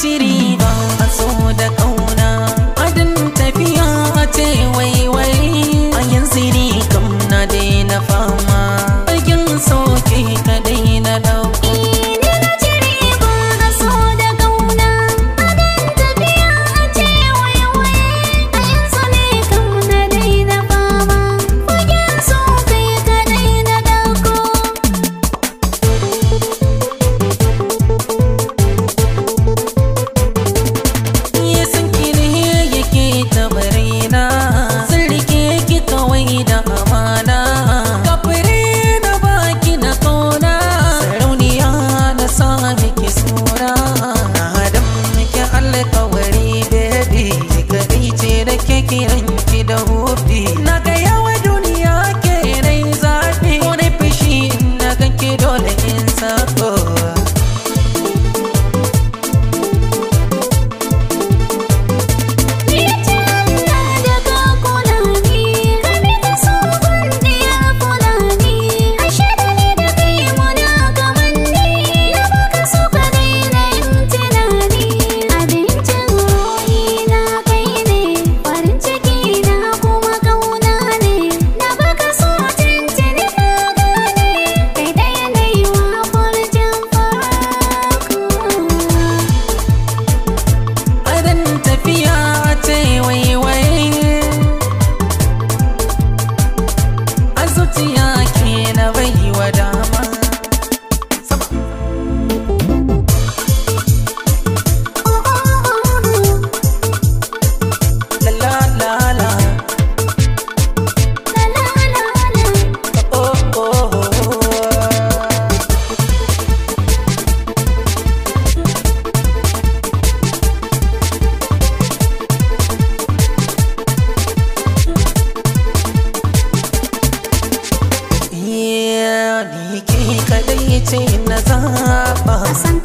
ciri ba a so da ki da hufi na ce na zaɓa